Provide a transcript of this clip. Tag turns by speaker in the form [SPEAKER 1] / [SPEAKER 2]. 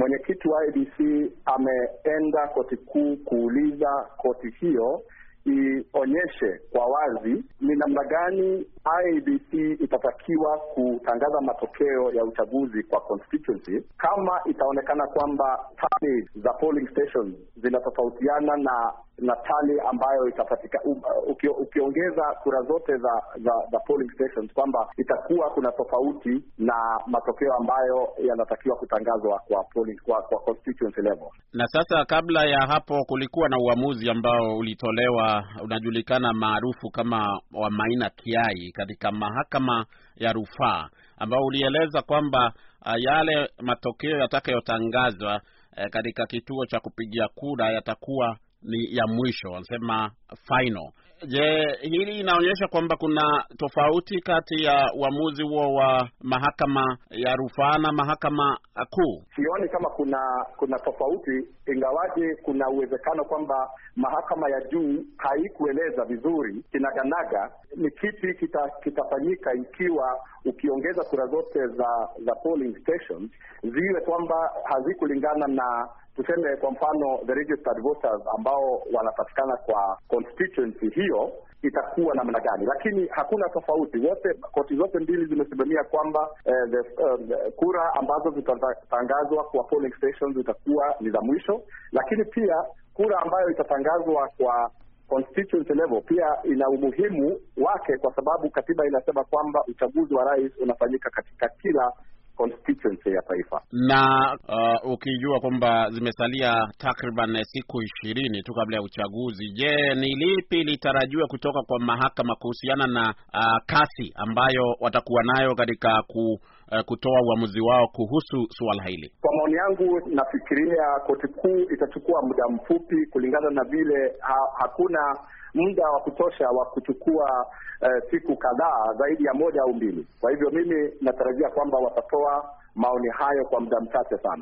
[SPEAKER 1] Mwenyekiti wa IBC ameenda koti kuu kuuliza koti hiyo ionyeshe kwa wazi ni namna gani IBC itatakiwa kutangaza matokeo ya uchaguzi kwa constituency kama itaonekana kwamba tali za polling stations zinatofautiana na na tali ambayo itapatika ukio, ukiongeza kura zote za za, za polling stations kwamba itakuwa kuna tofauti na matokeo ambayo yanatakiwa kutangazwa kwa polling, kwa, kwa constituency level.
[SPEAKER 2] Na sasa, kabla ya hapo, kulikuwa na uamuzi ambao ulitolewa unajulikana maarufu kama wa maina Kiai katika mahakama ya rufaa ambao ulieleza kwamba ah, yale matokeo yatakayotangazwa eh, katika kituo cha kupigia kura yatakuwa ni ya mwisho, wanasema final. Je, hili inaonyesha kwamba kuna tofauti kati ya uamuzi huo wa mahakama ya rufaa na mahakama kuu? Sioni
[SPEAKER 1] kama kuna kuna tofauti, ingawaje kuna uwezekano kwamba mahakama ya juu haikueleza vizuri kinaganaga ni kipi kitafanyika kita ikiwa ukiongeza kura zote za za polling stations ziwe kwamba hazikulingana na tuseme kwa mfano the registered voters ambao wanapatikana kwa constituency hiyo itakuwa namna gani, lakini hakuna tofauti. Wote koti zote mbili zimesimamia kwamba eh, the, uh, kura ambazo zitatangazwa kwa polling stations zitakuwa ni za mwisho, lakini pia kura ambayo itatangazwa kwa constituency level pia ina umuhimu wake, kwa sababu katiba inasema kwamba uchaguzi wa rais unafanyika katika kila constituency ya taifa.
[SPEAKER 2] Na uh, ukijua kwamba zimesalia takriban siku ishirini tu kabla ya uchaguzi, je, ni lipi litarajiwa kutoka kwa mahakama kuhusiana na uh, kasi ambayo watakuwa nayo katika ku uh, kutoa uamuzi wao kuhusu suala hili.
[SPEAKER 1] Kwa maoni yangu, nafikiria koti kuu itachukua muda mfupi kulingana na vile ha, hakuna muda wa kutosha wa kuchukua uh, siku kadhaa zaidi ya moja au mbili. Kwa hivyo mimi natarajia kwamba watatoa maoni hayo kwa muda mchache sana.